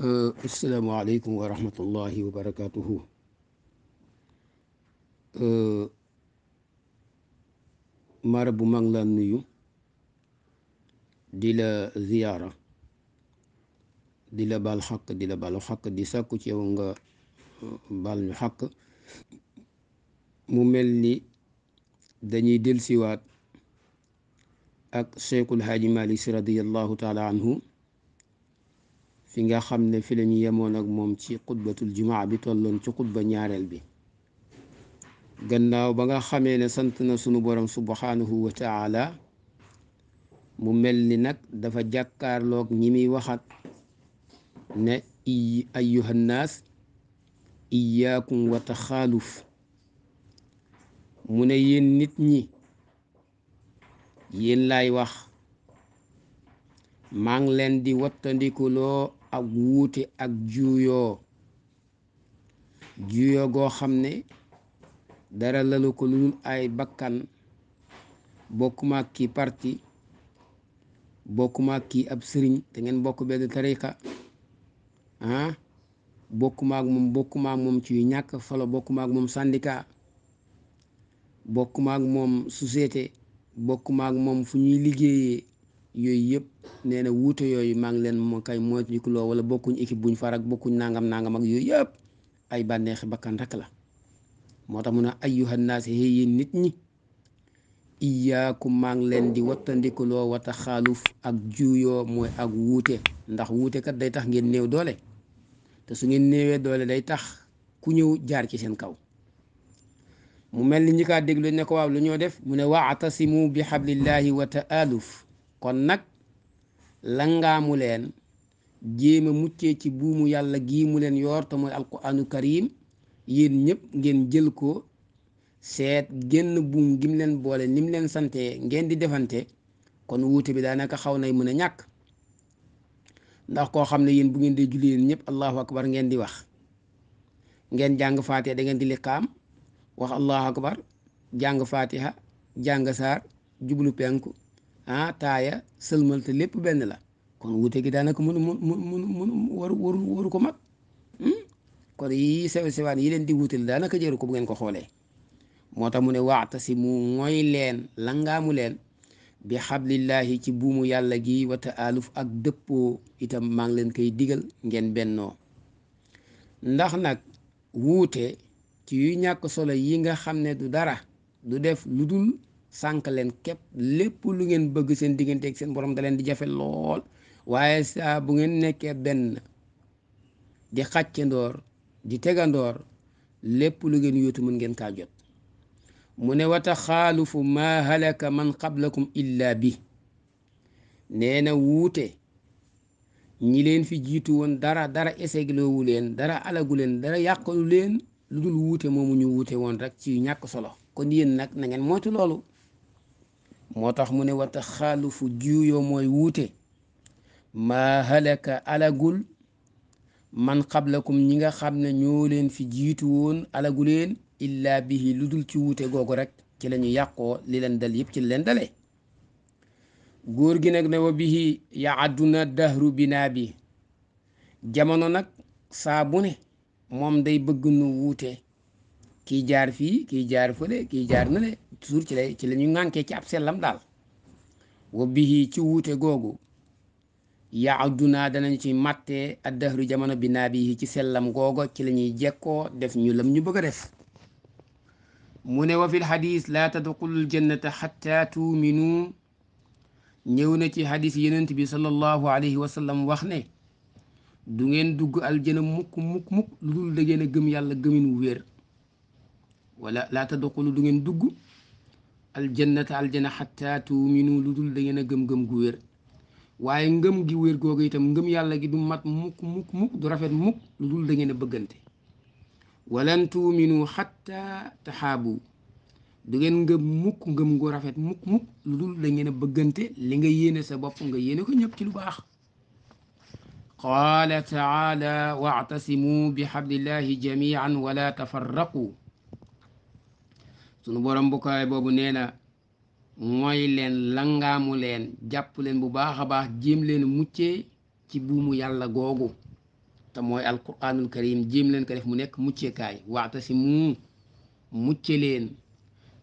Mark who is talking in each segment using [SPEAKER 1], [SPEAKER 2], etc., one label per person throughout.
[SPEAKER 1] Euh, asalaamaaleykum wa rahmatullahi wa barakaatuhu euh, mara bu mag la nuyu di la ziyaara di la baal xaq di la baalu xaq di sàkku ci yow euh, ñu xaq mu mel ni dañuy dellusiwaat ak Cheikhul Haaji Malik Si radiyallahu taala anhu fi nga xam ne fi la ñu yemoon ak moom ci xutbatul jumaa bi tolloon ci xutba ñaareel bi gannaaw ba nga xamee ne sant na sunu borom subhanahu wa taala mu mel ni nag dafa jàkkaarloog ñi muy waxat ne i ayyuhannaas iyaakum wa taxaaluf mu ne yéen nit ñi yéen laay wax maa ngi leen di wattandiku loo ak wuute ak juuyoo juuyoo goo xam ne dara lalu ko lu dul ay bakkan bokkuma ak kii parti bokkuma ak kii ab sëriñ te ngeen bokk benn tariqa ah bokkuma ak moom bokkuma ak moom ci ñàkk folo bokkuma ak moom syndicat bokkuma ak moom société bokkuma ak moom fu ñuy liggéeyee yooyu yëpp nee na wuute yooyu maa ngi leen moo kay moytandikuloo wala bokkuñ équipe buñ far ak bokkuñ nangam nangam ak yooyu yëpp ay bànneexi bakkan rek la moo tax mu ne ayyuhan naas yéen nit ñi iyaakum maa ngi leen di wattandikuloo wata xaaluf ak juuyoo mooy ak wuute ndax wuute kat day tax ngeen néew doole te su ngeen néewee doole day tax ku ñëw jaar ci seen kaw mu mel ni ñi kaa déglu ne ko waaw lu ñoo def mu ne waatasimu bi xablillahi wa kon nag langaamu leen jéem a muccee ci buumu yàlla gii mu leen yoor te mooy alquraanu karim yéen ñëpp ngeen jël ko seet genn buum gim leen boole nim leen sante ngeen di defante kon wuute bi daanaka xaw nay mën a ñàkk ndax koo xam ne yéen bu ngeen dee julli yéen ñëpp allahu akbar ngeen di wax ngeen jàng fatiha dangeen di liqaam wax allahu akbar jàng fatiha jàng saar jublu penku ah taaya sëlmal te lépp benn la kon wute gi daanaka mënu mënu mënu mënu waru waru ko mag hmm? kon yi sew sewaan yi leen di wutal daanaka jëru ko bu ngeen ko xoolee moo tax mu ne si mu mooy leen langaamu leen bi xablillahi ci buumu yàlla gi wa taaluf ak dëppoo itam maa ngi leen koy digal ngeen bennoo ndax nag wuute ci yu ñàkk solo yi nga xam ne du dara du def lu dul sànq leen képp lépp lu ngeen bëgg seen diggante seen borom da leen di jafe lool waaye saa bu ngeen nekkee benn di xàccandoor di tegandoor lépp lu ngeen yóotu mën ngeen kaa jot mu ne wata fu maa halaka man qablakum illa bi nee na wuute ñi leen fi jiitu woon dara dara esegloowu leen dara alagu leen dara yàqalu leen lu dul wuute moomu ñu wuute woon rek ci ñàkk solo kon yéen nag na ngeen moytu loolu moo tax mu ne wa taxaalufu juuyoo mooy wuute maa halaka alagul man qablakum ñi nga xam ne ñoo leen fi jiitu woon alaguleen illaa bihi lu dul ci wuute googu rekk ci la ñu yàqoo li leen dal yëpp ci leen dale góor gi nag ne wa bihi yaaduna dahru binaa bi jamono nag saa moom day bëgg nu wuute ki jaar fii kii jaar fële kii jaar na le toujours ci lay ci la ñu ŋànkee ci ab sellam daal wa bihi ci wuute googu naa yaaduna danañ ci màttee addahru jamono bi naa bi ci sellam googo ci la ñuy jekkoo def ñu lam ñu bëgg a def mu ne wa fil xadis laa tadxulul jannata xatta tuuminu ñëw na ci xadis yenent bi sallallahu alayhi wa wax ne du ngeen dugg aljana mukk mukk mukk lu dul da a gëm yàlla gëmin wér wala laa tadxulu du ngeen dugg aljannata aljana xatta tuuminu lu dul da ngeen a gëm-gëm gu waaye ngëm gi wér googu itam ngëm yàlla gi du mat mukk mukk mukk du rafet mukk lu dul a bëggante walan tuuminu xatta taxaabu du ngeen ngëm gu rafet ngeen bëggante li nga yéene sa bopp nga yéene ko ñëpp ci lu baax qaala taala wa'tasimu bi xablillahi jamian wala tafarraqu sunu borom bukkaay boobu nee na mooy leen langaamu leen jàpp leen bu baax a baax jéem leen muccee ci buumu yàlla googu te mooy alquranul karim jéem leen ko def mu nekk muccekaay waxta si mu mucce leen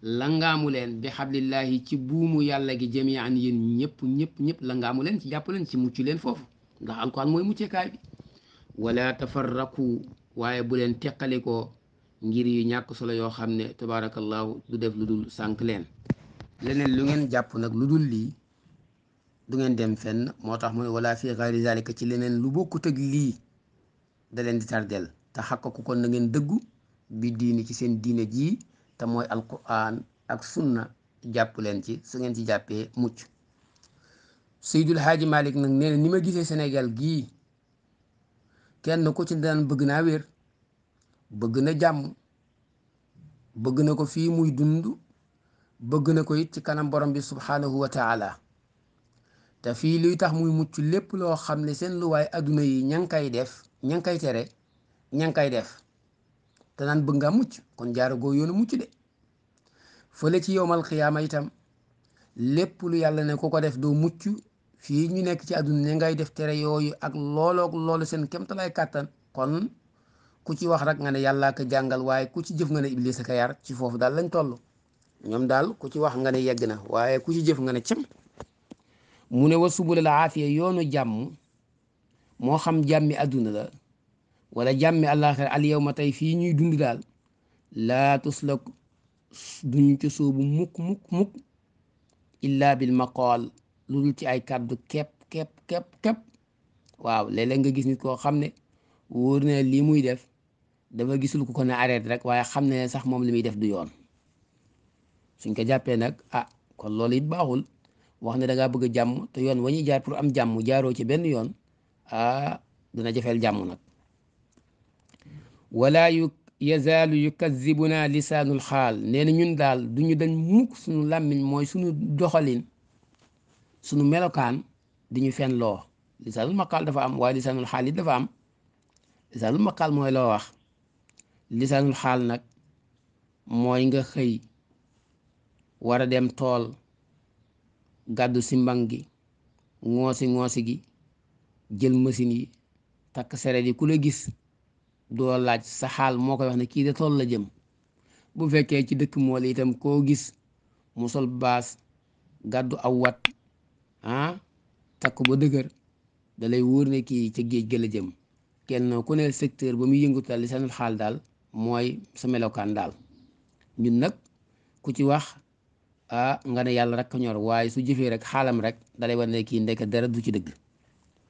[SPEAKER 1] langaamu leen bi xablillahi ci buumu yàlla gi jamian yéen ñëpp ñëpp ñëpp langaamu leen ci jàpp leen ci mucc leen foofu ndax alquran mooy muccekaay bi wala tafarraku waaye bu leen teqalikoo ngir yu ñàkk solo yoo xam ne tabaarakallaahu du def lu dul sànq leen leneen lu ngeen jàpp nag lu dul lii du ngeen dem fenn moo tax mu ne wala fi xayri zalika ci leneen lu bokkut ak lii da leen di tardel te xàkkaku kon na ngeen dëggu bi diini ci seen diine jii te mooy alquran ak sunna jàpp leen ci su ngeen ci jàppee mucc Seydul Haaji Malik nag nee na ni ma gisee senegal gii kenn ku ci daan bëgg naa wér bëgg na jàmm bëgg na ko fii muy dund bëgg na ko it ci kanam borom bi subhaanahu wa te fii luy tax muy mucc lépp loo xam ne seen luwaay adduna yi ña ngi koy def ña ngi koy tere ña ngi koy def te naan bëgg ngaa mucc kon jaaragoo yoonu mucc de fële ci yowmal xiyaama itam lépp lu yàlla ne ko ko def doo mucc fii ñu nekk ci àdduna ña ngay def tere yooyu ak loolook loolu seen kemtalaay kàttan kon ku ci wax rek nga ne yàllaa jàngal waaye ku ci jëf nga ne iblis ka yar ci foofu daal lañ toll ñoom daal ku ci wax nga ne yegg na waaye ku ci jëf nga ne cëm mu ne wa subulal aafiya yoonu jàmm moo xam jàmmi adduna la wala jàmmi àllaaxira al yow ma tey fii ñuy dund daal laa tuslak duñu ci soobu mukk mukk mukk ci ay kàddu kepp kepp kepp waaw léeg nga gis nit koo xam ne wóor na lii muy def dafa gisul ko ko ne arrêté rek waaye xam ne sax moom li muy def du yoon suñ ko jàppee nag ah kon loolu it baaxul wax ne da bëgg jàmm te yoon wa ñuy jaar pour am jàmm jaaroo ci benn yoon ah dina jafeel jàmm nag wala yu yazaalu yukazibuna lisaanul xaal nee na ñun daal duñu dañ mukk suñu làmmiñ mooy suñu doxalin suñu melokaan di ñu fen loo lisaanul maqaal dafa am waaye lisaanul xaal it dafa am lisaanul maqaal mooy loo wax lisaanul xaal nag mooy nga xëy war a dem tool gàddu si mbang gi ŋoosi ŋoosi gi jël machine yi takk seret yi ku la gis doo laaj sa xaal moo koy wax ne kii de tool la jëm bu fekkee ci dëkk mool itam koo gis mu sol baas gàddu aw wat ah takk ba dëgër dalay wóor ne kii ci géej ga la jëm kenn ku ne secteur ba muy yëngatu daal lisaanul xaal daal mooy su melokaan daal ñun nag ku ci wax ah nga ne yàlla rek ñor waaye su jëfee rek xaalam rek dalay wan ne kii ndeke dara du ci dëgg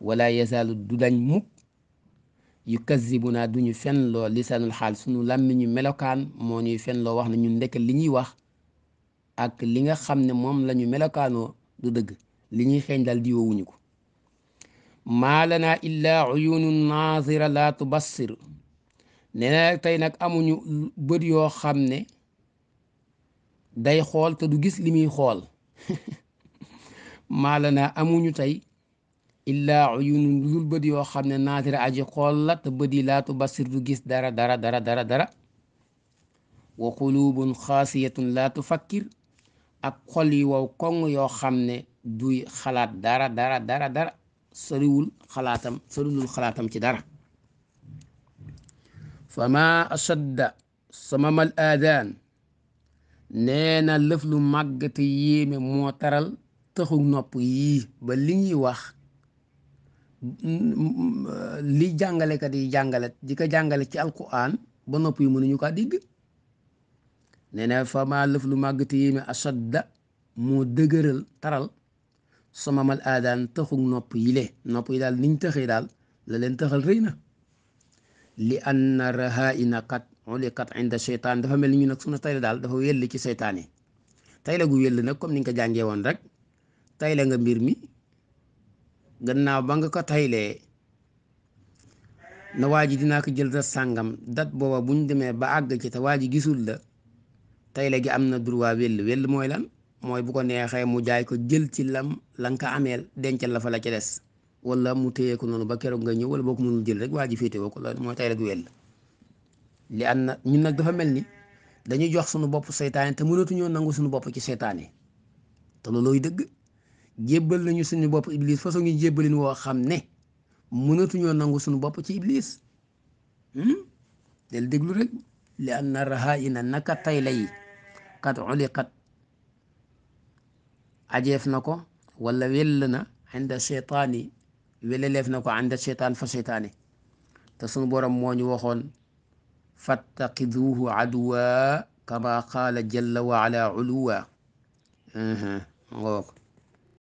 [SPEAKER 1] wala yasaalu du dañ mukk yu kazibu naa duñu fen loo lisaanul xaal suñu làmmiñu melokaan moo ñuy fen loo wax ne ñu ndeke li ñuy wax ak li nga xam ne moom lañu ñu melokaanoo du dëgg li ñuy xeeñ daal di woowuñu ko maa lanaa illaa uyunun naazira laa tubassir nee na tey nag amuñu bët yoo xam ne day xool te du gis li muy xool maalana amuñu tey illaa uyunun dul bët yoo xam ne naatira aji xool la te bët yi laatu basir du gis dara dara dara dara dara wa qulubun xaasiyatun laa tufakkir ak xol yi wow koŋ yoo xam ne duy xalaat dara dara dara dara soriwul xalaatam soriwul xalaatam ci dara fama asadda samamal aadaan nee na lëf lu màgg te yéeme moo taral tëxu nopp yii ba li ñuy wax li jàngalekat yi jàngale di ko jàngale ci alquran ba nopp yi mënuñu kaa dégg nee na fama lëf lu màgg te yéeme asadda moo dëgëral taral samamal aadaan tëxu nopp yi le nopp yi daal niñ tëxee daal la leen tëxal rëy na li an anna rahaina kat uliqat inda cheytaan dafa mel ni ñu nag sunu tayle daal dafa welli ci seytaane tayle gu welli nag comme ni nga ko jàngee woon rek tayle nga mbir mi gannaaw ba nga ko taylee na waa ji dinaa ko jël da sàngam dat booba bu ñu demee ba àgg ci te waa ji gisul la tayle gi am na droit well welli mooy lan mooy bu ko neexee mu jaay ko jël ci lam la nga ko ameel dencal la fa la ca des wala mu téyee ko noonu ba keroog nga ñëw wala boo ko mënul jël rek waa ji féete woo ko loolu mooy tay rek wel li an na ñun nag dafa mel ni dañuy jox suñu bopp seytaane te mënatuñoo nangu suñu bopp ci seytaane te loolooy dëgg jébbal nañu suñu bopp iblis façon ngi jébbalin woo xam ne mënatuñoo nangu suñu bopp ci iblis hmm? del déglu rek li an na raha ina naka tay lay kat uliqat ajeef na ko walla wel na inda seytaani weleleef na ko ànda seytaan fa seytaane te sunu borom moo ñu waxoon fattaqiduhu aduwa kama qaala jalla wa ala uluwa